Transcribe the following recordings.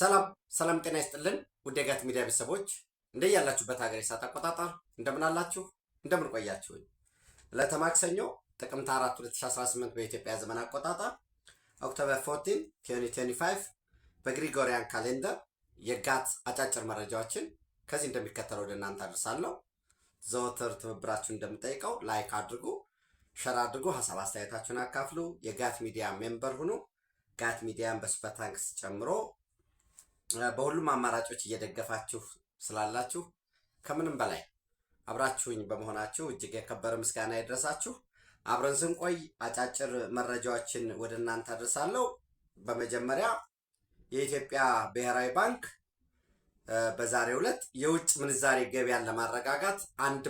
ሰላም ሰላም፣ ጤና ይስጥልን ውድ የጋት ሚዲያ ቤተሰቦች እንደ ያላችሁበት ሀገር የሰዓት አቆጣጠር እንደምን አላችሁ? እንደምን ቆያችሁ? ዕለተ ማክሰኞ ጥቅምት 4 2018 በኢትዮጵያ ዘመን አቆጣጠር ኦክቶበር 14 2025 በግሪጎሪያን ካሌንደር የጋት አጫጭር መረጃዎችን ከዚህ እንደሚከተለው ወደ እናንተ አድርሳለሁ። ዘወትር ትብብራችሁን እንደምጠይቀው ላይክ አድርጉ፣ ሸር አድርጉ፣ ሀሳብ አስተያየታችሁን አካፍሉ፣ የጋት ሚዲያ ሜምበር ሁኑ። ጋት ሚዲያን በሱፐር ታንክስ ጨምሮ በሁሉም አማራጮች እየደገፋችሁ ስላላችሁ ከምንም በላይ አብራችሁኝ በመሆናችሁ እጅግ የከበረ ምስጋና ይድረሳችሁ። አብረን ስንቆይ አጫጭር መረጃዎችን ወደ እናንተ አድርሳለሁ። በመጀመሪያ የኢትዮጵያ ብሔራዊ ባንክ በዛሬው ዕለት የውጭ ምንዛሬ ገበያን ለማረጋጋት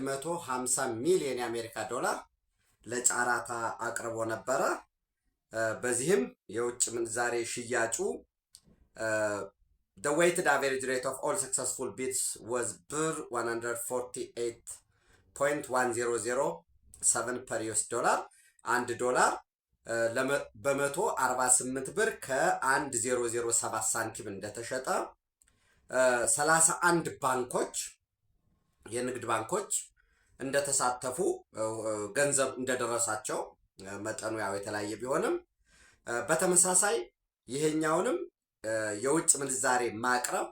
150 ሚሊዮን የአሜሪካ ዶላር ለጨረታ አቅርቦ ነበረ። በዚህም የውጭ ምንዛሬ ሽያጩ The weighted average rate of all successful bids was uh, ብር 148.100 7 per US ዶላር 1 ዶላር በመቶ 48 ብር ከ1007 ሳንቲም እንደተሸጠ 31 uh, ባንኮች የንግድ ባንኮች እንደተሳተፉ uh, ገንዘብ እንደደረሳቸው መጠኑ ያው የተለያየ ቢሆንም በተመሳሳይ ይሄኛውንም የውጭ ምንዛሬ ማቅረብ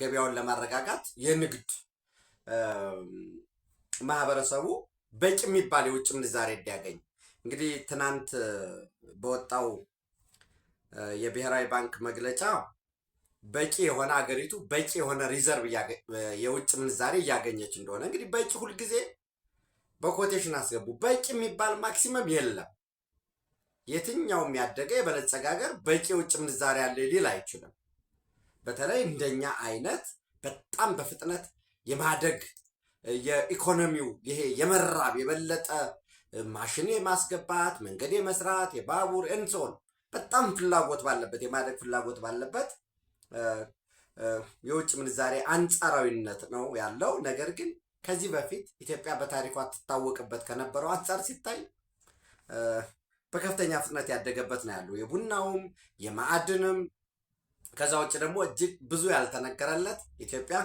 ገበያውን ለማረጋጋት የንግድ ማህበረሰቡ በቂ የሚባል የውጭ ምንዛሬ እንዲያገኝ እንግዲህ ትናንት በወጣው የብሔራዊ ባንክ መግለጫ በቂ የሆነ አገሪቱ በቂ የሆነ ሪዘርቭ የውጭ ምንዛሬ እያገኘች እንደሆነ እንግዲህ በቂ ሁልጊዜ በኮቴሽን አስገቡ። በቂ የሚባል ማክሲመም የለም። የትኛውም ያደገ የበለጸገ ሀገር በቂ የውጭ ምንዛሪ ያለ ሊል አይችልም። በተለይ እንደኛ አይነት በጣም በፍጥነት የማደግ የኢኮኖሚው ይሄ የመራብ የበለጠ ማሽን የማስገባት መንገድ የመስራት የባቡር እንሶን በጣም ፍላጎት ባለበት የማደግ ፍላጎት ባለበት የውጭ ምንዛሬ አንጻራዊነት ነው ያለው። ነገር ግን ከዚህ በፊት ኢትዮጵያ በታሪኳ ትታወቅበት ከነበረው አንጻር ሲታይ በከፍተኛ ፍጥነት ያደገበት ነው ያለው የቡናውም የማዕድንም ከዛ ውጭ ደግሞ እጅግ ብዙ ያልተነገረለት ኢትዮጵያ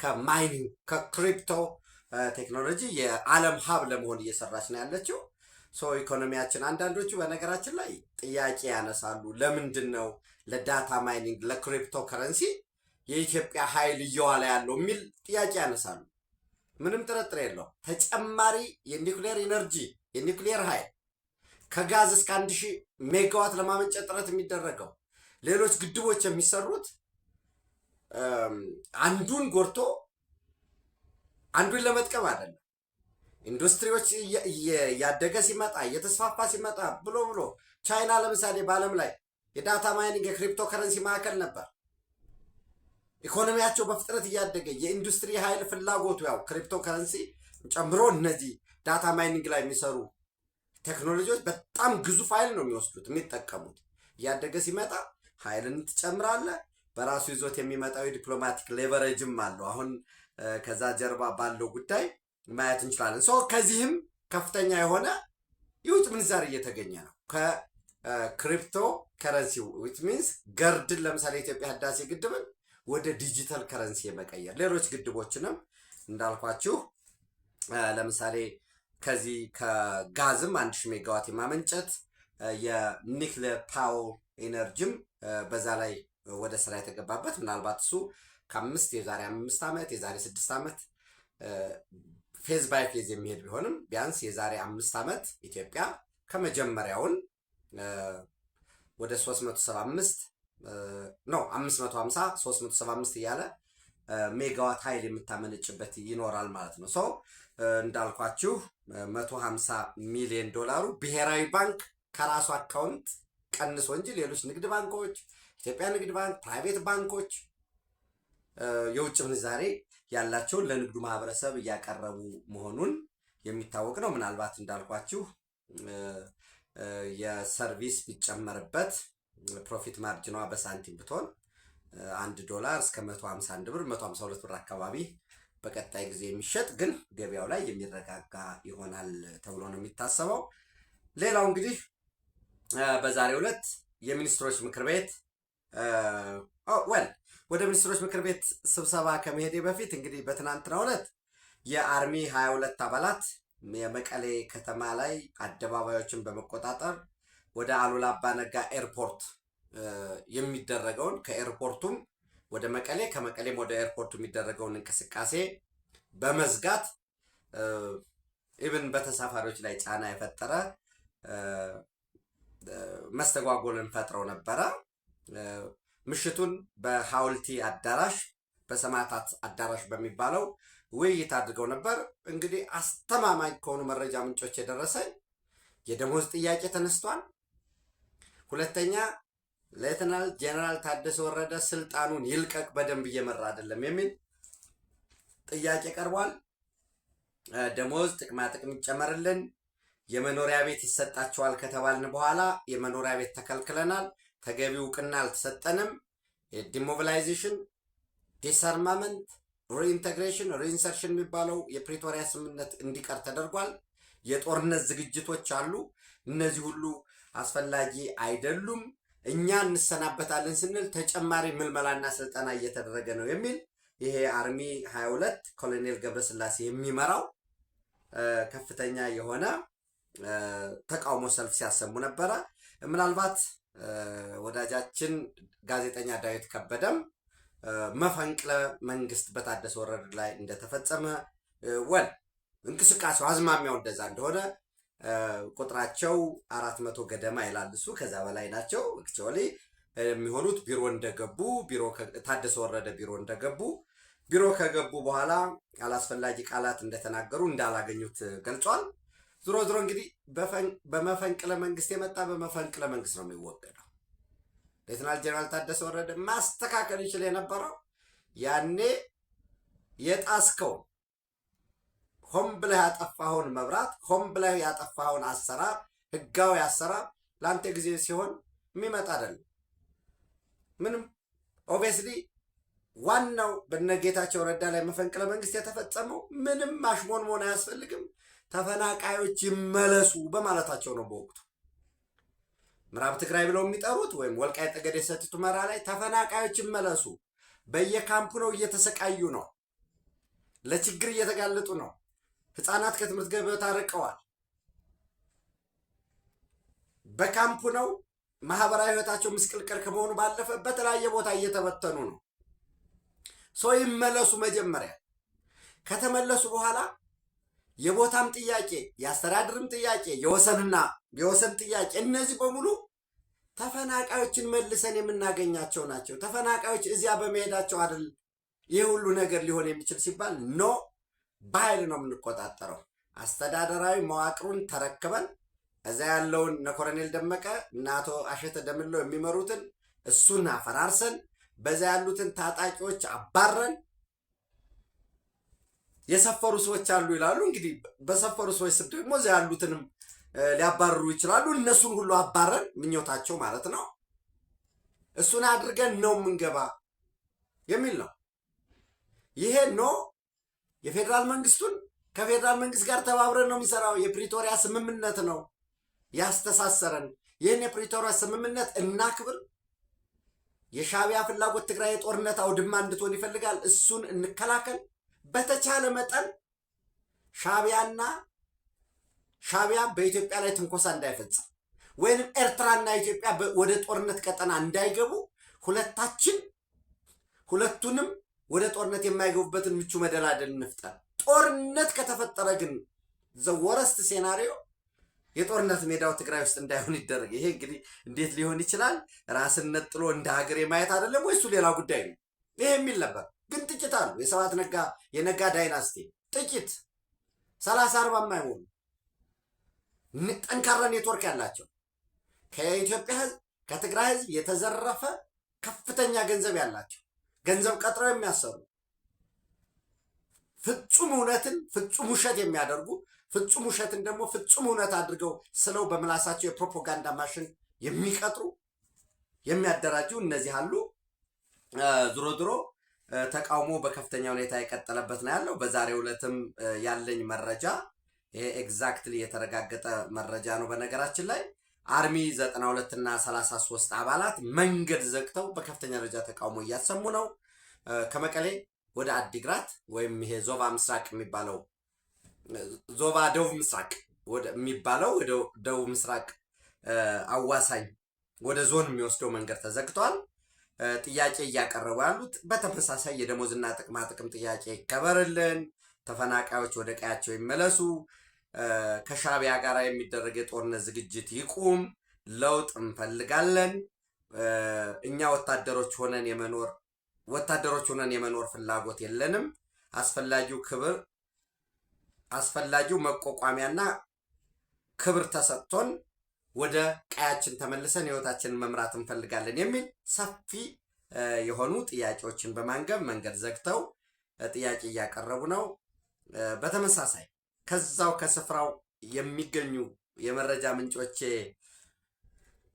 ከማይኒንግ ከክሪፕቶ ቴክኖሎጂ የዓለም ሀብ ለመሆን እየሰራች ነው ያለችው። ሰው ኢኮኖሚያችን አንዳንዶቹ በነገራችን ላይ ጥያቄ ያነሳሉ። ለምንድን ነው ለዳታ ማይኒንግ ለክሪፕቶ ከረንሲ የኢትዮጵያ ኃይል እየዋለ ያለው የሚል ጥያቄ ያነሳሉ። ምንም ጥርጥር የለው ተጨማሪ የኒውክሌር ኢነርጂ የኒውክሌር ኃይል ከጋዝ እስከ አንድ ሺህ ሜጋዋት ለማመንጨት ጥረት የሚደረገው ሌሎች ግድቦች የሚሰሩት አንዱን ጎርቶ አንዱን ለመጥቀም አይደለም። ኢንዱስትሪዎች እያደገ ሲመጣ እየተስፋፋ ሲመጣ ብሎ ብሎ ቻይና ለምሳሌ በዓለም ላይ የዳታ ማይኒንግ የክሪፕቶ ከረንሲ ማዕከል ነበር። ኢኮኖሚያቸው በፍጥነት እያደገ የኢንዱስትሪ ኃይል ፍላጎቱ ያው ክሪፕቶ ከረንሲ ጨምሮ እነዚህ ዳታ ማይኒንግ ላይ የሚሰሩ ቴክኖሎጂዎች በጣም ግዙፍ ኃይል ነው የሚወስዱት የሚጠቀሙት። እያደገ ሲመጣ ኃይልን ትጨምራለ። በራሱ ይዞት የሚመጣው የዲፕሎማቲክ ሌቨሬጅም አለው። አሁን ከዛ ጀርባ ባለው ጉዳይ ማየት እንችላለን። ሰው ከዚህም ከፍተኛ የሆነ የውጭ ምንዛሪ እየተገኘ ነው ከክሪፕቶ ከረንሲ ዊች ሚንስ ገርድን ለምሳሌ የኢትዮጵያ ህዳሴ ግድብን ወደ ዲጂታል ከረንሲ የመቀየር ሌሎች ግድቦችንም እንዳልኳችሁ ለምሳሌ ከዚህ ከጋዝም አንድ ሺ ሜጋዋት የማመንጨት የኒክሌር ፓወር ኤነርጂም በዛ ላይ ወደ ስራ የተገባበት ምናልባት እሱ ከአምስት የዛሬ አምስት ዓመት የዛሬ ስድስት ዓመት ፌዝ ባይ ፌዝ የሚሄድ ቢሆንም ቢያንስ የዛሬ አምስት ዓመት ኢትዮጵያ ከመጀመሪያውን ወደ 375 ነው 550 375 እያለ ሜጋዋት ኃይል የምታመነጭበት ይኖራል ማለት ነው ሰው እንዳልኳችሁ 150 ሚሊዮን ዶላሩ ብሔራዊ ባንክ ከራሱ አካውንት ቀንሶ እንጂ ሌሎች ንግድ ባንኮች፣ ኢትዮጵያ ንግድ ባንክ፣ ፕራይቬት ባንኮች የውጭ ምንዛሬ ያላቸውን ለንግዱ ማህበረሰብ እያቀረቡ መሆኑን የሚታወቅ ነው። ምናልባት እንዳልኳችሁ የሰርቪስ ቢጨመርበት ፕሮፊት ማርጅኗ በሳንቲም ብትሆን አንድ ዶላር እስከ 151 ብር 152 ብር አካባቢ በቀጣይ ጊዜ የሚሸጥ ግን ገበያው ላይ የሚረጋጋ ይሆናል ተብሎ ነው የሚታሰበው። ሌላው እንግዲህ በዛሬው ዕለት የሚኒስትሮች ምክር ቤት ወል ወደ ሚኒስትሮች ምክር ቤት ስብሰባ ከመሄዴ በፊት እንግዲህ በትናንትናው ዕለት የአርሚ 22 አባላት የመቀሌ ከተማ ላይ አደባባዮችን በመቆጣጠር ወደ አሉላ አባ ነጋ ኤርፖርት የሚደረገውን ከኤርፖርቱም ወደ መቀሌ ከመቀሌም ወደ ኤርፖርቱ የሚደረገውን እንቅስቃሴ በመዝጋት ኢብን በተሳፋሪዎች ላይ ጫና የፈጠረ መስተጓጎልን ፈጥረው ነበረ። ምሽቱን በሐውልቲ አዳራሽ በሰማዕታት አዳራሽ በሚባለው ውይይት አድርገው ነበር። እንግዲህ አስተማማኝ ከሆኑ መረጃ ምንጮች የደረሰኝ የደሞዝ ጥያቄ ተነስቷል። ሁለተኛ ሌተናል ጀነራል ታደሰ ወረደ ስልጣኑን ይልቀቅ በደንብ እየመራ አይደለም የሚል ጥያቄ ቀርቧል። ደሞዝ፣ ጥቅማ ጥቅም ይጨመርልን፣ የመኖሪያ ቤት ይሰጣቸዋል ከተባልን በኋላ የመኖሪያ ቤት ተከልክለናል። ተገቢ እውቅና አልተሰጠንም። የዲሞቢላይዜሽን፣ ዲሰርማመንት፣ ሪኢንቴግሬሽን፣ ሪኢንሰርሽን የሚባለው የፕሪቶሪያ ስምምነት እንዲቀር ተደርጓል። የጦርነት ዝግጅቶች አሉ። እነዚህ ሁሉ አስፈላጊ አይደሉም። እኛ እንሰናበታለን ስንል ተጨማሪ ምልመላና ስልጠና እየተደረገ ነው የሚል ይሄ አርሚ 22 ኮሎኔል ገብረስላሴ የሚመራው ከፍተኛ የሆነ ተቃውሞ ሰልፍ ሲያሰሙ ነበረ። ምናልባት ወዳጃችን ጋዜጠኛ ዳዊት ከበደም መፈንቅለ መንግስት በታደሰ ወረደ ላይ እንደተፈጸመ ወል እንቅስቃሴው አዝማሚያው እንደዛ እንደሆነ ቁጥራቸው አራት መቶ ገደማ ይላል እሱ። ከዛ በላይ ናቸው አክቹዋሊ የሚሆኑት ቢሮ እንደገቡ ቢሮ ታደሰ ወረደ ቢሮ እንደገቡ ቢሮ ከገቡ በኋላ አላስፈላጊ ቃላት እንደተናገሩ እንዳላገኙት ገልጿል። ዝሮ ዝሮ እንግዲህ በመፈንቅለ መንግስት የመጣ በመፈንቅለ መንግስት ነው የሚወገደው። ሌትናል ጀነራል ታደሰ ወረደ ማስተካከል ይችል የነበረው ያኔ የጣስከው ሆን ብለህ ያጠፋኸውን መብራት፣ ሆን ብለህ ያጠፋኸውን አሰራር፣ ህጋዊ አሰራር ለአንተ ጊዜ ሲሆን የሚመጣ አይደለም። ምንም ኦብቪየስሊ ዋናው በነጌታቸው ረዳ ላይ መፈንቅለ መንግስት የተፈጸመው ምንም አሽሞን መሆን አያስፈልግም፣ ተፈናቃዮች ይመለሱ በማለታቸው ነው። በወቅቱ ምዕራብ ትግራይ ብለው የሚጠሩት ወይም ወልቃይት ጠገዴ ሰቲት ሁመራ ላይ ተፈናቃዮች ይመለሱ፣ በየካምፑ ነው፣ እየተሰቃዩ ነው፣ ለችግር እየተጋለጡ ነው። ህፃናት ከትምህርት ገበታ ርቀዋል። በካምፑ ነው። ማህበራዊ ህይወታቸው ምስቅልቅል ከመሆኑ ባለፈ በተለያየ ቦታ እየተበተኑ ነው። ሰው ይመለሱ። መጀመሪያ ከተመለሱ በኋላ የቦታም ጥያቄ፣ የአስተዳደርም ጥያቄ፣ የወሰንና የወሰን ጥያቄ እነዚህ በሙሉ ተፈናቃዮችን መልሰን የምናገኛቸው ናቸው። ተፈናቃዮች እዚያ በመሄዳቸው አይደል ይህ ሁሉ ነገር ሊሆን የሚችል ሲባል ኖ በኃይል ነው የምንቆጣጠረው። አስተዳደራዊ መዋቅሩን ተረክበን እዛ ያለውን እነ ኮሎኔል ደመቀ እና አቶ አሸተ ደምለው የሚመሩትን እሱን አፈራርሰን በዛ ያሉትን ታጣቂዎች አባረን የሰፈሩ ሰዎች አሉ ይላሉ። እንግዲህ በሰፈሩ ሰዎች ስር ደግሞ እዛ ያሉትንም ሊያባርሩ ይችላሉ። እነሱን ሁሉ አባረን ምኞታቸው ማለት ነው። እሱን አድርገን ነው የምንገባ የሚል ነው ይሄ ነው። የፌዴራል መንግስቱን ከፌዴራል መንግስት ጋር ተባብረን ነው የሚሰራው። የፕሪቶሪያ ስምምነት ነው ያስተሳሰረን። ይህን የፕሪቶሪያ ስምምነት እናክብር። የሻቢያ ፍላጎት ትግራይ የጦርነት አውድማ እንድትሆን ይፈልጋል። እሱን እንከላከል። በተቻለ መጠን ሻቢያና ሻቢያ በኢትዮጵያ ላይ ትንኮሳ እንዳይፈጽም ወይንም ኤርትራና ኢትዮጵያ ወደ ጦርነት ቀጠና እንዳይገቡ ሁለታችን ሁለቱንም ወደ ጦርነት የማይገቡበትን ምቹ መደላደል እንፍጠር። ጦርነት ከተፈጠረ ግን ዘወረስት ሴናሪዮ የጦርነት ሜዳው ትግራይ ውስጥ እንዳይሆን ይደረግ። ይሄ እንግዲህ እንዴት ሊሆን ይችላል? ራስን ነጥሎ እንደ ሀገር የማየት አይደለም ወይ? እሱ ሌላ ጉዳይ ነው። ይሄ የሚል ነበር። ግን ጥቂት አሉ። የሰባት ነጋ የነጋ ዳይናስቲ ጥቂት ሰላሳ አርባ የማይሆኑ ጠንካራ ኔትወርክ ያላቸው ከኢትዮጵያ ህዝብ ከትግራይ ህዝብ የተዘረፈ ከፍተኛ ገንዘብ ያላቸው ገንዘብ ቀጥረው የሚያሰሩ ፍጹም እውነትን ፍጹም ውሸት የሚያደርጉ ፍጹም ውሸትን ደግሞ ፍጹም እውነት አድርገው ስለው በምላሳቸው የፕሮፓጋንዳ ማሽን የሚቀጥሩ የሚያደራጁ እነዚህ አሉ። ዝሮ ዝሮ ተቃውሞ በከፍተኛ ሁኔታ የቀጠለበት ነው ያለው። በዛሬው ዕለትም ያለኝ መረጃ ይሄ ኤግዛክትሊ የተረጋገጠ መረጃ ነው በነገራችን ላይ አርሚ 92 እና 33 አባላት መንገድ ዘግተው በከፍተኛ ደረጃ ተቃውሞ እያሰሙ ነው። ከመቀሌ ወደ አዲግራት ወይም ይሄ ዞባ ምስራቅ የሚባለው ዞባ ደቡብ ምስራቅ የሚባለው ወደ ደቡብ ምስራቅ አዋሳኝ ወደ ዞን የሚወስደው መንገድ ተዘግቷል። ጥያቄ እያቀረቡ ያሉት በተመሳሳይ የደሞዝና ጥቅማ ጥቅም ጥያቄ ይከበርልን፣ ተፈናቃዮች ወደ ቀያቸው ይመለሱ፣ ከሻቢያ ጋር የሚደረግ የጦርነት ዝግጅት ይቁም። ለውጥ እንፈልጋለን። እኛ ወታደሮች ሆነን የመኖር ወታደሮች ሆነን የመኖር ፍላጎት የለንም። አስፈላጊው ክብር አስፈላጊው መቋቋሚያና ክብር ተሰጥቶን ወደ ቀያችን ተመልሰን ህይወታችንን መምራት እንፈልጋለን የሚል ሰፊ የሆኑ ጥያቄዎችን በማንገብ መንገድ ዘግተው ጥያቄ እያቀረቡ ነው። በተመሳሳይ ከዛው ከስፍራው የሚገኙ የመረጃ ምንጮቼ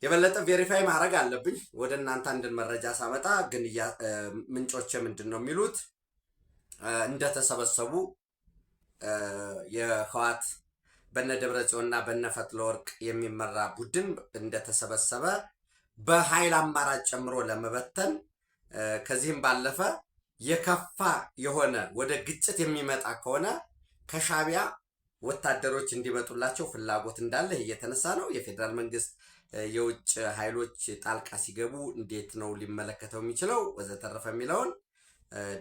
የበለጠ ቬሪፋይ ማድረግ አለብኝ። ወደ እናንተ አንድን መረጃ ሳመጣ ግን ምንጮቼ ምንድን ነው የሚሉት እንደተሰበሰቡ የህዋት በነ ደብረጽዮንና በነ ወርቅ የሚመራ ቡድን እንደተሰበሰበ በኃይል አማራጭ ጨምሮ ለመበተን ከዚህም ባለፈ የከፋ የሆነ ወደ ግጭት የሚመጣ ከሆነ ከሻቢያ ወታደሮች እንዲመጡላቸው ፍላጎት እንዳለ እየተነሳ ነው። የፌዴራል መንግስት የውጭ ኃይሎች ጣልቃ ሲገቡ እንዴት ነው ሊመለከተው የሚችለው ወዘተረፈ የሚለውን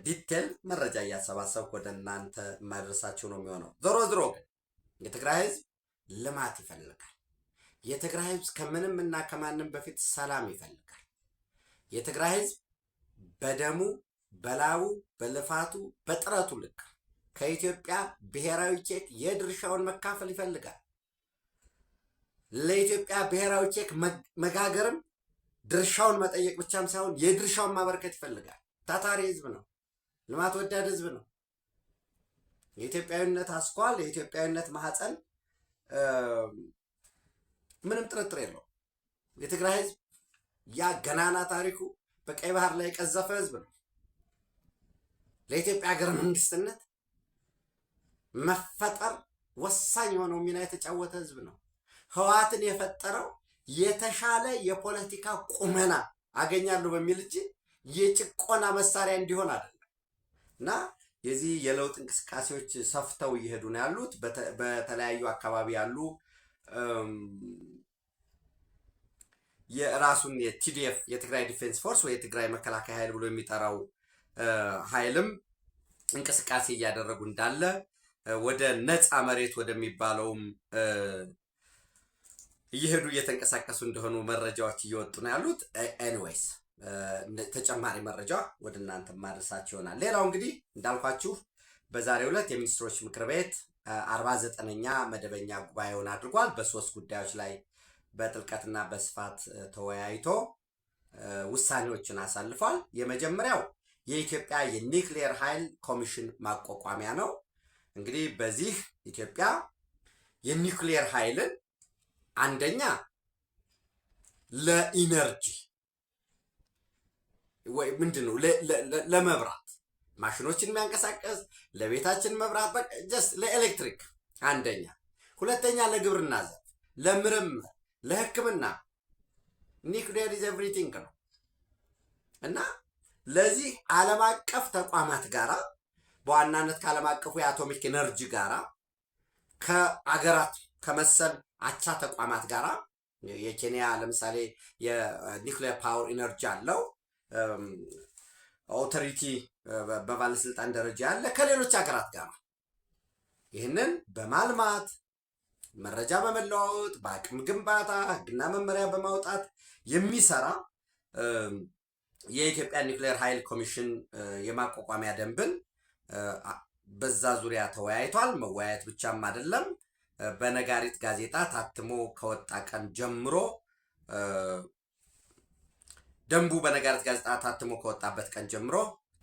ዲቴል መረጃ እያሰባሰብኩ ወደ እናንተ ማድረሳችሁ ነው የሚሆነው። ዞሮ ዞሮ ግን የትግራይ ህዝብ ልማት ይፈልጋል። የትግራይ ህዝብ ከምንም እና ከማንም በፊት ሰላም ይፈልጋል። የትግራይ ህዝብ በደሙ በላቡ በልፋቱ በጥረቱ ልክ ከኢትዮጵያ ብሔራዊ ቼክ የድርሻውን መካፈል ይፈልጋል። ለኢትዮጵያ ብሔራዊ ቼክ መጋገርም ድርሻውን መጠየቅ ብቻም ሳይሆን የድርሻውን ማበረከት ይፈልጋል። ታታሪ ህዝብ ነው። ልማት ወዳድ ህዝብ ነው። የኢትዮጵያዊነት አስኳል፣ የኢትዮጵያዊነት ማህፀን ምንም ጥርጥር የለው። የትግራይ ህዝብ ያ ገናና ታሪኩ በቀይ ባህር ላይ የቀዘፈ ህዝብ ነው። ለኢትዮጵያ ሀገረ መንግስትነት መፈጠር ወሳኝ የሆነው ሚና የተጫወተ ህዝብ ነው። ህወሓትን የፈጠረው የተሻለ የፖለቲካ ቁመና አገኛለሁ በሚል እንጂ የጭቆና መሳሪያ እንዲሆን አይደለም እና የዚህ የለውጥ እንቅስቃሴዎች ሰፍተው እየሄዱ ነው ያሉት። በተለያዩ አካባቢ ያሉ የራሱን የቲዲኤፍ የትግራይ ዲፌንስ ፎርስ ወይ የትግራይ መከላከያ ኃይል ብሎ የሚጠራው ኃይልም እንቅስቃሴ እያደረጉ እንዳለ ወደ ነፃ መሬት ወደሚባለውም እየሄዱ እየተንቀሳቀሱ እንደሆኑ መረጃዎች እየወጡ ነው ያሉት። ኤኒዌይስ ተጨማሪ መረጃ ወደ እናንተ ማድረሳቸው ይሆናል። ሌላው እንግዲህ እንዳልኳችሁ በዛሬው ዕለት የሚኒስትሮች ምክር ቤት አርባ ዘጠነኛ መደበኛ ጉባኤውን አድርጓል። በሶስት ጉዳዮች ላይ በጥልቀትና በስፋት ተወያይቶ ውሳኔዎችን አሳልፏል። የመጀመሪያው የኢትዮጵያ የኒክሌር ኃይል ኮሚሽን ማቋቋሚያ ነው። እንግዲህ በዚህ ኢትዮጵያ የኒውክሌር ኃይልን አንደኛ ለኢነርጂ ወይ ምንድን ነው ለመብራት ማሽኖችን የሚያንቀሳቀስ ለቤታችን መብራት ጀስት ለኤሌክትሪክ አንደኛ፣ ሁለተኛ ለግብርና ዘርፍ፣ ለምርምር፣ ለሕክምና ኒውክሌር ኢዝ ኤቭሪቲንግ ነው እና ለዚህ ዓለም አቀፍ ተቋማት ጋራ በዋናነት ከዓለም አቀፉ የአቶሚክ ኤነርጂ ጋራ ከአገራት ከመሰል አቻ ተቋማት ጋራ የኬንያ ለምሳሌ የኒክሌር ፓወር ኢነርጂ አለው ኦቶሪቲ በባለስልጣን ደረጃ ያለ ከሌሎች ሀገራት ጋር ይህንን በማልማት መረጃ በመለዋወጥ በአቅም ግንባታ ህግና መመሪያ በማውጣት የሚሰራ የኢትዮጵያ ኒክሌር ኃይል ኮሚሽን የማቋቋሚያ ደንብን በዛ ዙሪያ ተወያይቷል። መወያየት ብቻም አይደለም፣ በነጋሪት ጋዜጣ ታትሞ ከወጣ ቀን ጀምሮ ደንቡ በነጋሪት ጋዜጣ ታትሞ ከወጣበት ቀን ጀምሮ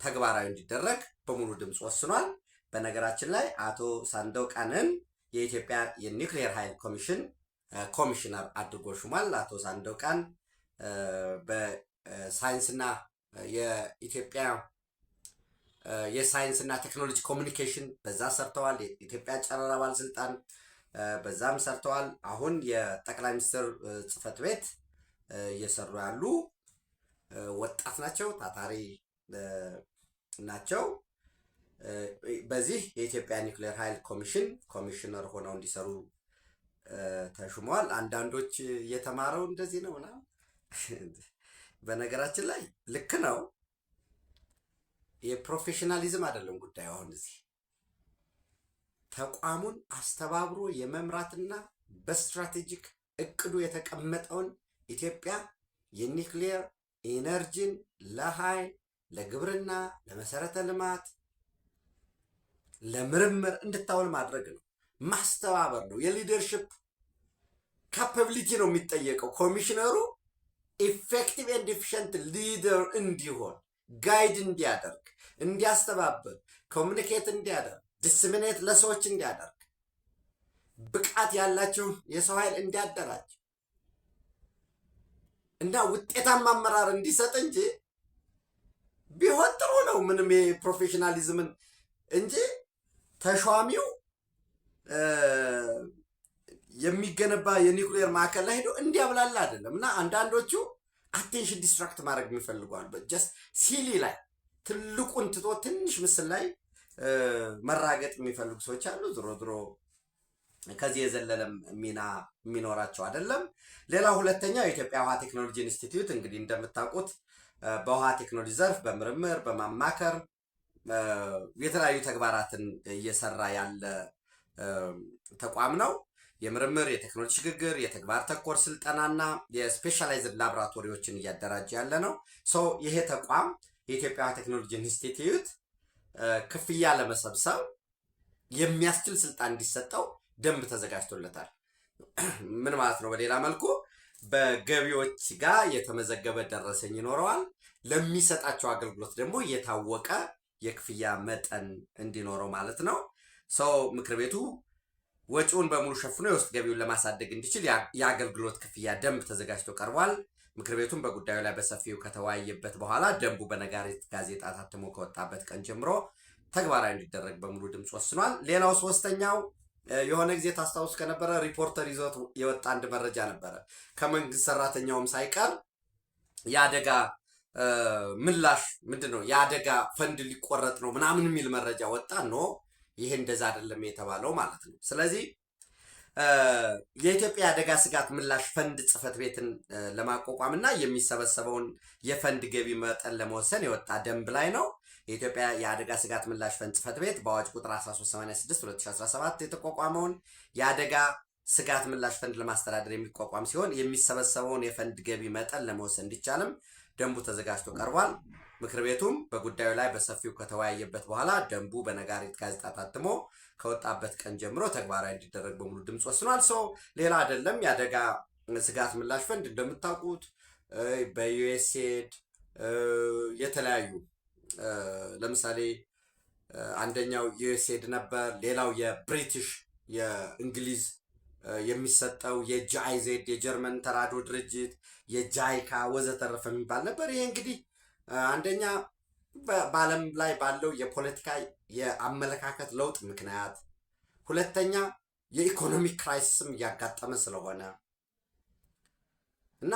ተግባራዊ እንዲደረግ በሙሉ ድምፅ ወስኗል። በነገራችን ላይ አቶ ሳንደውቃንን የኢትዮጵያ የኒውክሌር ኃይል ኮሚሽን ኮሚሽነር አድርጎ ሹሟል። አቶ ሳንዶቃን በሳይንስና የኢትዮጵያ የሳይንስ እና ቴክኖሎጂ ኮሚኒኬሽን በዛ ሰርተዋል። የኢትዮጵያ ጨረራ ባለስልጣን በዛም ሰርተዋል። አሁን የጠቅላይ ሚኒስትር ጽህፈት ቤት እየሰሩ ያሉ ወጣት ናቸው፣ ታታሪ ናቸው። በዚህ የኢትዮጵያ ኒውክሌር ኃይል ኮሚሽን ኮሚሽነር ሆነው እንዲሰሩ ተሹመዋል። አንዳንዶች እየተማረው እንደዚህ ነው ምናምን። በነገራችን ላይ ልክ ነው። የፕሮፌሽናሊዝም አይደለም ጉዳዩ። አሁን እዚህ ተቋሙን አስተባብሮ የመምራትና በስትራቴጂክ እቅዱ የተቀመጠውን ኢትዮጵያ የኒክሌር ኢነርጂን ለኃይል፣ ለግብርና፣ ለመሰረተ ልማት፣ ለምርምር እንድታውል ማድረግ ነው። ማስተባበር ነው። የሊደርሽፕ ካፓቢሊቲ ነው የሚጠየቀው። ኮሚሽነሩ ኢፌክቲቭ ኤንድ ኤፊሽንት ሊደር እንዲሆን ጋይድ እንዲያደርግ እንዲያስተባብር፣ ኮሚኒኬት እንዲያደርግ፣ ዲስሚኔት ለሰዎች እንዲያደርግ፣ ብቃት ያላቸው የሰው ኃይል እንዲያደራጅ እና ውጤታማ አመራር እንዲሰጥ እንጂ ቢሆን ጥሩ ነው። ምንም የፕሮፌሽናሊዝምን እንጂ ተሿሚው የሚገነባ የኒውክሌር ማዕከል ላይ ሄዶ እንዲያብላላ አይደለም። እና አንዳንዶቹ አቴንሽን ዲስትራክት ማድረግ የሚፈልገዋል ጀስት ሲሊ ላይ ትልቁን ትቶ ትንሽ ምስል ላይ መራገጥ የሚፈልጉ ሰዎች አሉ። ዝሮ ዝሮ ከዚህ የዘለለም ሚና የሚኖራቸው አይደለም። ሌላ ሁለተኛው የኢትዮጵያ ውሃ ቴክኖሎጂ ኢንስቲትዩት እንግዲህ እንደምታውቁት በውሃ ቴክኖሎጂ ዘርፍ በምርምር በማማከር የተለያዩ ተግባራትን እየሰራ ያለ ተቋም ነው። የምርምር የቴክኖሎጂ ሽግግር፣ የተግባር ተኮር ስልጠናና የስፔሻላይዝድ ላብራቶሪዎችን እያደራጀ ያለ ነው። ይሄ ተቋም የኢትዮጵያ ቴክኖሎጂ ኢንስቲትዩት ክፍያ ለመሰብሰብ የሚያስችል ስልጣን እንዲሰጠው ደንብ ተዘጋጅቶለታል። ምን ማለት ነው? በሌላ መልኩ በገቢዎች ጋር የተመዘገበ ደረሰኝ ይኖረዋል። ለሚሰጣቸው አገልግሎት ደግሞ የታወቀ የክፍያ መጠን እንዲኖረው ማለት ነው። ሰው ምክር ቤቱ ወጪውን በሙሉ ሸፍኖ የውስጥ ገቢውን ለማሳደግ እንዲችል የአገልግሎት ክፍያ ደንብ ተዘጋጅቶ ቀርቧል። ምክር ቤቱም በጉዳዩ ላይ በሰፊው ከተወያየበት በኋላ ደንቡ በነጋሪት ጋዜጣ ታትሞ ከወጣበት ቀን ጀምሮ ተግባራዊ እንዲደረግ በሙሉ ድምፅ ወስኗል። ሌላው ሶስተኛው የሆነ ጊዜ ታስታውስ ከነበረ ሪፖርተር ይዞት የወጣ አንድ መረጃ ነበረ። ከመንግስት ሰራተኛውም ሳይቀር የአደጋ ምላሽ ምንድን ነው የአደጋ ፈንድ ሊቆረጥ ነው ምናምን የሚል መረጃ ወጣ። ኖ ይሄ እንደዛ አይደለም የተባለው ማለት ነው። ስለዚህ የኢትዮጵያ አደጋ ስጋት ምላሽ ፈንድ ጽህፈት ቤትን ለማቋቋም እና የሚሰበሰበውን የፈንድ ገቢ መጠን ለመወሰን የወጣ ደንብ ላይ ነው። የኢትዮጵያ የአደጋ ስጋት ምላሽ ፈንድ ጽፈት ቤት በአዋጅ ቁጥር 1386 2017 የተቋቋመውን የአደጋ ስጋት ምላሽ ፈንድ ለማስተዳደር የሚቋቋም ሲሆን የሚሰበሰበውን የፈንድ ገቢ መጠን ለመወሰን እንዲቻልም ደንቡ ተዘጋጅቶ ቀርቧል። ምክር ቤቱም በጉዳዩ ላይ በሰፊው ከተወያየበት በኋላ ደንቡ በነጋሪት ጋዜጣ ታትሞ ከወጣበት ቀን ጀምሮ ተግባራዊ እንዲደረግ በሙሉ ድምፅ ወስኗል። ሰው ሌላ አይደለም። የአደጋ ስጋት ምላሽ ፈንድ እንደምታውቁት በዩኤስኤድ የተለያዩ ለምሳሌ አንደኛው ዩኤስኤድ ነበር። ሌላው የብሪቲሽ የእንግሊዝ የሚሰጠው ዜድ የጀርመን ተራድኦ ድርጅት የጃይካ ወዘተረፈ የሚባል ነበር። ይሄ እንግዲህ አንደኛ በዓለም ላይ ባለው የፖለቲካ የአመለካከት ለውጥ ምክንያት፣ ሁለተኛ የኢኮኖሚ ክራይሲስም እያጋጠመ ስለሆነ እና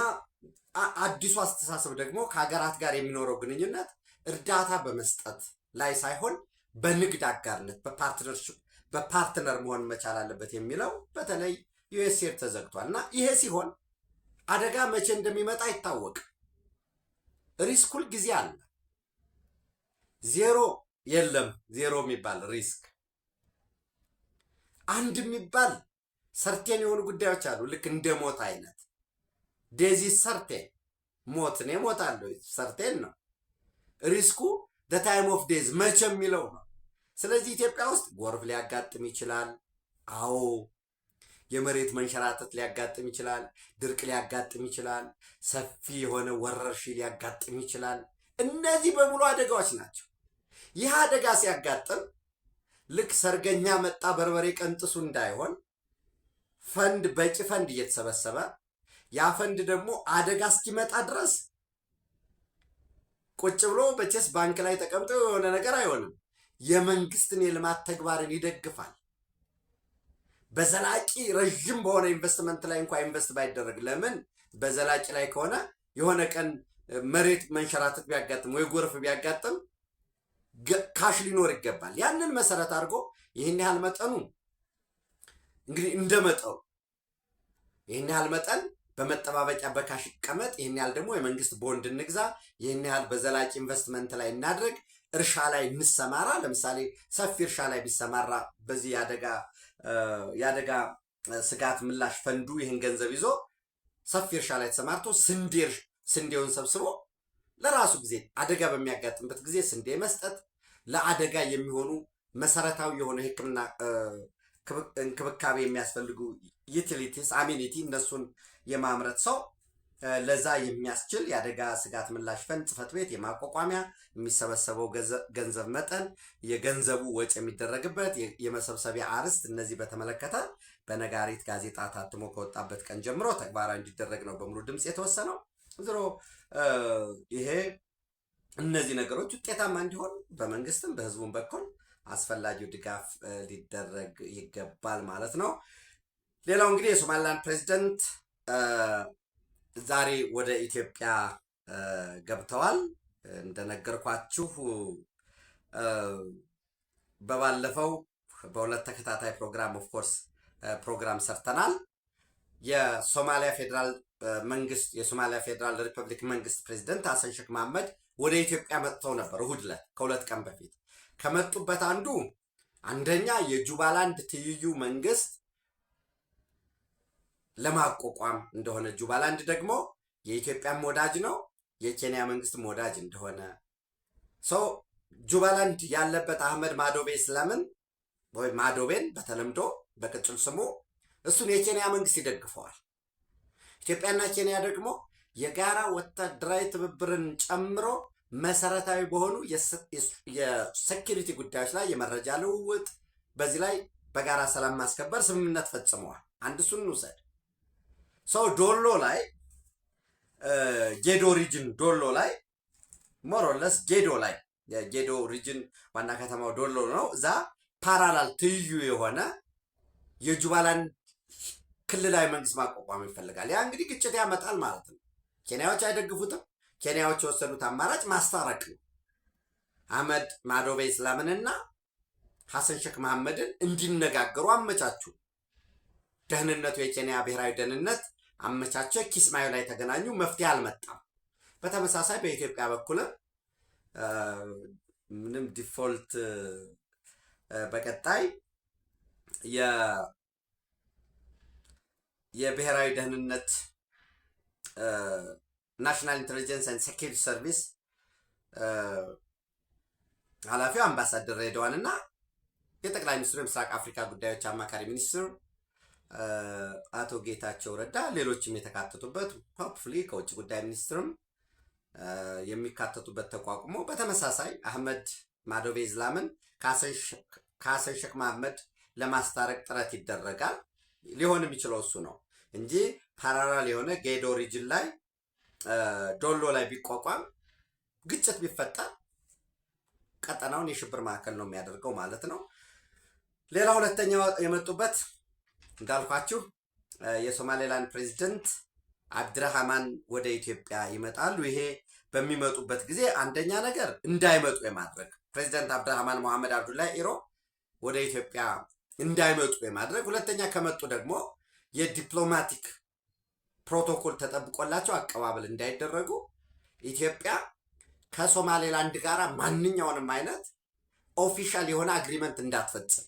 አዲሱ አስተሳሰብ ደግሞ ከሀገራት ጋር የሚኖረው ግንኙነት እርዳታ በመስጠት ላይ ሳይሆን በንግድ አጋርነት በፓርትነርሽፕ በፓርትነር መሆን መቻል አለበት የሚለው በተለይ ዩኤስኤር ተዘግቷል እና ይሄ ሲሆን አደጋ መቼ እንደሚመጣ ይታወቅ ሪስክ ሁል ጊዜ አለ። ዜሮ የለም። ዜሮ የሚባል ሪስክ አንድ የሚባል ሰርቴን የሆኑ ጉዳዮች አሉ። ልክ እንደ ሞት አይነት ዴዚ ሰርቴን ሞት ሞት ሞታለሁ ሰርቴን ነው። ሪስኩ ታይም ኦፍ ዴዝ መቼ የሚለው ነው። ስለዚህ ኢትዮጵያ ውስጥ ጎርፍ ሊያጋጥም ይችላል። አዎ የመሬት መንሸራተት ሊያጋጥም ይችላል። ድርቅ ሊያጋጥም ይችላል። ሰፊ የሆነ ወረርሽኝ ሊያጋጥም ይችላል። እነዚህ በሙሉ አደጋዎች ናቸው። ይህ አደጋ ሲያጋጥም ልክ ሰርገኛ መጣ በርበሬ ቀንጥሱ እንዳይሆን ፈንድ በቂ ፈንድ እየተሰበሰበ ያ ፈንድ ደግሞ አደጋ እስኪመጣ ድረስ ቁጭ ብሎ በቼስ ባንክ ላይ ተቀምጦ የሆነ ነገር አይሆንም። የመንግስትን የልማት ተግባርን ይደግፋል። በዘላቂ ረዥም በሆነ ኢንቨስትመንት ላይ እንኳ ኢንቨስት ባይደረግ፣ ለምን በዘላቂ ላይ ከሆነ የሆነ ቀን መሬት መንሸራተት ቢያጋጥም ወይ ጎርፍ ቢያጋጥም ካሽ ሊኖር ይገባል። ያንን መሰረት አድርጎ ይህን ያህል መጠኑ እንግዲህ እንደመጠው ይህን ያህል መጠን በመጠባበቂያ በካሽ ይቀመጥ፣ ይህን ያህል ደግሞ የመንግስት ቦንድ እንግዛ፣ ይህን ያህል በዘላቂ ኢንቨስትመንት ላይ እናድረግ፣ እርሻ ላይ እንሰማራ። ለምሳሌ ሰፊ እርሻ ላይ ቢሰማራ በዚህ የአደጋ ስጋት ምላሽ ፈንዱ ይህን ገንዘብ ይዞ ሰፊ እርሻ ላይ ተሰማርቶ ስንዴውን ሰብስቦ ለራሱ ጊዜ አደጋ በሚያጋጥምበት ጊዜ ስንዴ መስጠት ለአደጋ የሚሆኑ መሰረታዊ የሆነ ሕክምና እንክብካቤ የሚያስፈልጉ ዩቲሊቲስ አሚኒቲ እነሱን የማምረት ሰው ለዛ የሚያስችል የአደጋ ስጋት ምላሽ ፈንድ ጽሕፈት ቤት የማቋቋሚያ የሚሰበሰበው ገንዘብ መጠን፣ የገንዘቡ ወጪ የሚደረግበት የመሰብሰቢያ አርዕስት፣ እነዚህ በተመለከተ በነጋሪት ጋዜጣ ታትሞ ከወጣበት ቀን ጀምሮ ተግባራዊ እንዲደረግ ነው በሙሉ ድምፅ የተወሰነው። ዝሮ ይሄ እነዚህ ነገሮች ውጤታማ እንዲሆን በመንግስትም በህዝቡም በኩል አስፈላጊው ድጋፍ ሊደረግ ይገባል ማለት ነው። ሌላው እንግዲህ የሶማሊላንድ ፕሬዚደንት ዛሬ ወደ ኢትዮጵያ ገብተዋል። እንደነገርኳችሁ በባለፈው በሁለት ተከታታይ ፕሮግራም ኦፍኮርስ ፕሮግራም ሰርተናል። የሶማሊያ ፌዴራል መንግስት የሶማሊያ ፌዴራል ሪፐብሊክ መንግስት ፕሬዚደንት ሀሰን ሼክ መሐመድ ወደ ኢትዮጵያ መጥተው ነበር እሁድ ዕለት ከሁለት ቀን በፊት ከመጡበት አንዱ አንደኛ የጁባላንድ ትይዩ መንግስት ለማቋቋም እንደሆነ ጁባላንድ ደግሞ የኢትዮጵያም ወዳጅ ነው የኬንያ መንግስትም ወዳጅ እንደሆነ ሰው ጁባላንድ ያለበት አህመድ ማዶቤ ስለምን ወይ ማዶቤን በተለምዶ በቅጽል ስሙ እሱን የኬንያ መንግስት ይደግፈዋል። ኢትዮጵያና ኬንያ ደግሞ የጋራ ወታደራዊ ትብብርን ጨምሮ መሰረታዊ በሆኑ የሴኪሪቲ ጉዳዮች ላይ የመረጃ ልውውጥ፣ በዚህ ላይ በጋራ ሰላም ማስከበር ስምምነት ፈጽመዋል። አንድ እሱን እንውሰድ። ሰው ዶሎ ላይ ጌዶ ሪጅን ዶሎ ላይ ሞሮለስ ጌዶ ላይ የጌዶ ሪጅን ዋና ከተማው ዶሎ ነው። እዛ ፓራላል ትይዩ የሆነ የጁባላንድ ክልላዊ መንግስት ማቋቋም ይፈልጋል። ያ እንግዲህ ግጭት ያመጣል ማለት ነው። ኬንያዎች አይደግፉትም። ኬንያዎች የወሰዱት አማራጭ ማስታረቅ ነው። አህመድ ማዶቤ ኢስላምንና ሐሰን ሼክ መሐመድን እንዲነጋገሩ አመቻቹ። ደህንነቱ የኬንያ ብሔራዊ ደህንነት አመቻቸ። ኪስማዩ ላይ ተገናኙ። መፍትሄ አልመጣም። በተመሳሳይ በኢትዮጵያ በኩልም ምንም ዲፎልት በቀጣይ የብሔራዊ ደህንነት ናሽናል ኢንቴሊጀንስ ኤንድ ሴኪሪቲ ሰርቪስ ኃላፊው አምባሳደር ሬድዋን እና የጠቅላይ ሚኒስትሩ የምስራቅ አፍሪካ ጉዳዮች አማካሪ ሚኒስትር አቶ ጌታቸው ረዳ ሌሎችም የተካተቱበት ሆፕፍሊ ከውጭ ጉዳይ ሚኒስትርም የሚካተቱበት ተቋቁሞ በተመሳሳይ አህመድ ማዶቤ ዝላምን ከሀሰን ሼክ መሀመድ ለማስታረቅ ጥረት ይደረጋል። ሊሆን የሚችለው እሱ ነው። እንጂ ፓራላል የሆነ ጌዶ ሪጅን ላይ ዶሎ ላይ ቢቋቋም ግጭት ቢፈጠር ቀጠናውን የሽብር ማዕከል ነው የሚያደርገው ማለት ነው። ሌላ ሁለተኛው የመጡበት እንዳልኳችሁ የሶማሌላንድ ፕሬዚደንት አብድረሃማን ወደ ኢትዮጵያ ይመጣሉ። ይሄ በሚመጡበት ጊዜ አንደኛ ነገር እንዳይመጡ የማድረግ ፕሬዚደንት አብድረሃማን መሐመድ አብዱላ ኢሮ ወደ ኢትዮጵያ እንዳይመጡ የማድረግ ሁለተኛ ከመጡ ደግሞ የዲፕሎማቲክ ፕሮቶኮል ተጠብቆላቸው አቀባበል እንዳይደረጉ ኢትዮጵያ ከሶማሌላንድ ጋር ማንኛውንም አይነት ኦፊሻል የሆነ አግሪመንት እንዳትፈጽም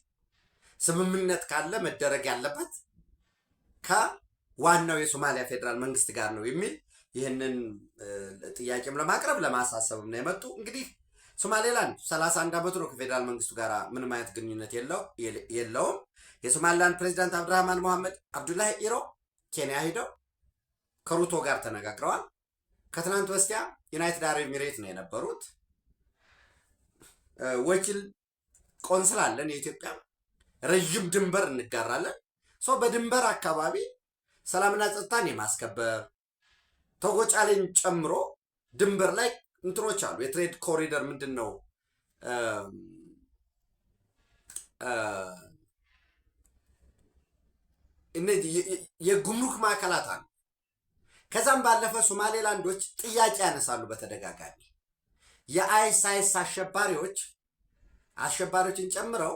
ስምምነት ካለ መደረግ ያለበት ከዋናው የሶማሊያ ፌዴራል መንግስት ጋር ነው የሚል ይህንን ጥያቄም ለማቅረብ ለማሳሰብም ነው የመጡ። እንግዲህ ሶማሌላንድ ሰላሳ አንድ ዓመቱ ነው ከፌዴራል መንግስቱ ጋር ምንም አይነት ግንኙነት የለውም። የሶማሊላንድ ፕሬዚዳንት አብድራህማን ሞሐመድ አብዱላሂ ኢሮ ኬንያ ሂደው ከሩቶ ጋር ተነጋግረዋል። ከትናንት በስቲያ ዩናይትድ አረብ ኤሚሬት ነው የነበሩት። ወኪል ቆንስል አለን የኢትዮጵያ ረዥም ድንበር እንጋራለን። ሶ በድንበር አካባቢ ሰላምና ጸጥታን የማስከበር ተጎጫሌን ጨምሮ ድንበር ላይ እንትኖች አሉ። የትሬድ ኮሪደር ምንድን ነው እነዚህ የጉምሩክ ማዕከላት አሉ። ከዛም ባለፈ ሶማሌላንዶች ጥያቄ ያነሳሉ በተደጋጋሚ የአይሳይስ አሸባሪዎች አሸባሪዎችን ጨምረው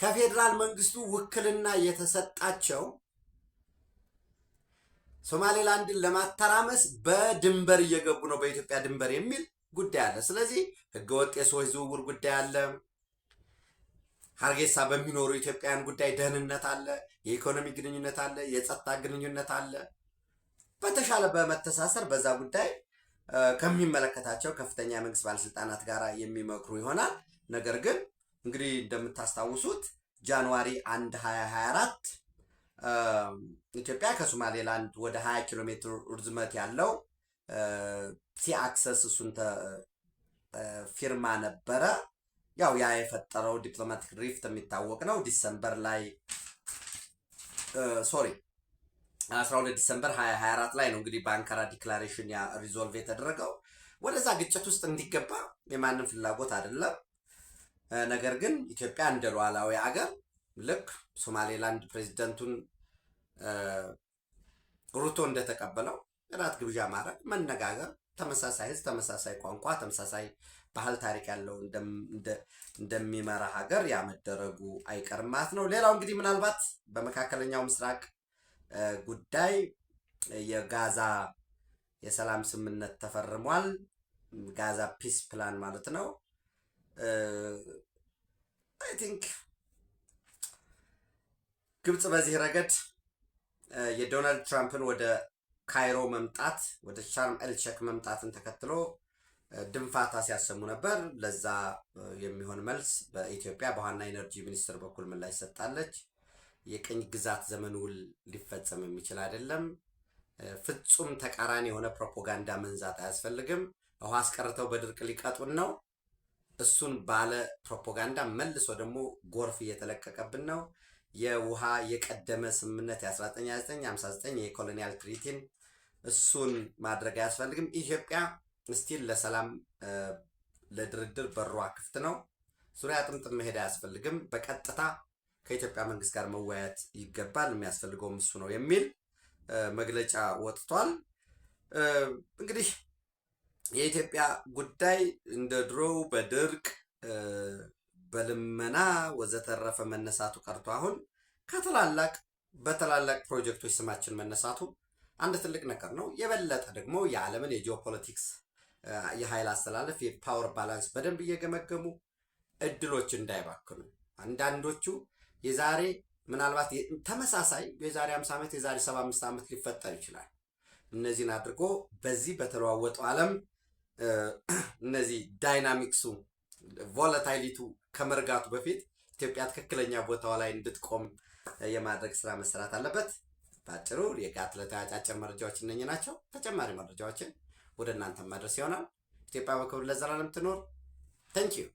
ከፌዴራል መንግስቱ ውክልና የተሰጣቸው ሶማሌላንድን ለማተራመስ በድንበር እየገቡ ነው፣ በኢትዮጵያ ድንበር የሚል ጉዳይ አለ። ስለዚህ ህገወጥ የሰዎች ዝውውር ጉዳይ አለ። ሀርጌሳ በሚኖሩ ኢትዮጵያውያን ጉዳይ ደህንነት አለ። የኢኮኖሚ ግንኙነት አለ፣ የጸጥታ ግንኙነት አለ። በተሻለ በመተሳሰር በዛ ጉዳይ ከሚመለከታቸው ከፍተኛ የመንግስት ባለስልጣናት ጋር የሚመክሩ ይሆናል። ነገር ግን እንግዲህ እንደምታስታውሱት ጃንዋሪ 1 2024 ኢትዮጵያ ከሶማሌላንድ ወደ 20 ኪሎ ሜትር ርዝመት ያለው ሲአክሰስ እሱን ፊርማ ነበረ። ያው ያ የፈጠረው ዲፕሎማቲክ ሪፍት የሚታወቅ ነው። ዲሰምበር ላይ ሶሪ 12 ዲሰምበር 2024 ላይ ነው እንግዲህ በአንካራ ዲክላሬሽን ያ ሪዞልቭ የተደረገው። ወደዛ ግጭት ውስጥ እንዲገባ የማንም ፍላጎት አይደለም። ነገር ግን ኢትዮጵያ እንደ ሉዓላዊ አገር ልክ ሶማሌላንድ ፕሬዚደንቱን ሩቶ እንደተቀበለው እራት ግብዣ ማድረግ፣ መነጋገር፣ ተመሳሳይ ህዝብ፣ ተመሳሳይ ቋንቋ፣ ተመሳሳይ ባህል ታሪክ ያለው እንደሚመራ ሀገር ያመደረጉ አይቀርም ማለት ነው። ሌላው እንግዲህ ምናልባት በመካከለኛው ምስራቅ ጉዳይ የጋዛ የሰላም ስምምነት ተፈርሟል። ጋዛ ፒስ ፕላን ማለት ነው። አይ ቲንክ ግብፅ በዚህ ረገድ የዶናልድ ትራምፕን ወደ ካይሮ መምጣት ወደ ሻርም ኤልሼክ መምጣትን ተከትሎ ድንፋታ ሲያሰሙ ነበር። ለዛ የሚሆን መልስ በኢትዮጵያ በዋና ኢነርጂ ሚኒስትር በኩል ምላሽ ሰጣለች። የቅኝ ግዛት ዘመን ውል ሊፈጸም የሚችል አይደለም። ፍጹም ተቃራኒ የሆነ ፕሮፓጋንዳ መንዛት አያስፈልግም። ውሃ አስቀርተው በድርቅ ሊቀጡን ነው። እሱን ባለ ፕሮፓጋንዳ መልሶ ደግሞ ጎርፍ እየተለቀቀብን ነው። የውሃ የቀደመ ስምምነት የ1929 59 የኮሎኒያል ትሪቲን እሱን ማድረግ አያስፈልግም ኢትዮጵያ እስቲል ለሰላም ለድርድር በሯ ክፍት ነው። ዙሪያ ጥምጥም መሄድ አያስፈልግም። በቀጥታ ከኢትዮጵያ መንግስት ጋር መወያየት ይገባል፣ የሚያስፈልገውም እሱ ነው የሚል መግለጫ ወጥቷል። እንግዲህ የኢትዮጵያ ጉዳይ እንደ ድሮው በድርቅ በልመና ወዘተረፈ መነሳቱ ቀርቶ አሁን ከትላላቅ በትላላቅ ፕሮጀክቶች ስማችን መነሳቱ አንድ ትልቅ ነገር ነው። የበለጠ ደግሞ የዓለምን የጂኦፖለቲክስ የኃይል አስተላለፍ የፓወር ባላንስ በደንብ እየገመገሙ እድሎች እንዳይባክኑ አንዳንዶቹ የዛሬ ምናልባት ተመሳሳይ የዛሬ 50 ዓመት የዛሬ 75 ዓመት ሊፈጠር ይችላል። እነዚህን አድርጎ በዚህ በተለዋወጠው ዓለም እነዚህ ዳይናሚክሱ ቮለታይሊቱ ከመርጋቱ በፊት ኢትዮጵያ ትክክለኛ ቦታው ላይ እንድትቆም የማድረግ ስራ መሰራት አለበት። በአጭሩ የጋት ለተጫጭር መረጃዎች እነኝ ናቸው። ተጨማሪ መረጃዎችን ወደ እናንተ መድረስ ይሆናል። ኢትዮጵያ በክብር ለዘላለም ትኖር። ተንኪዩ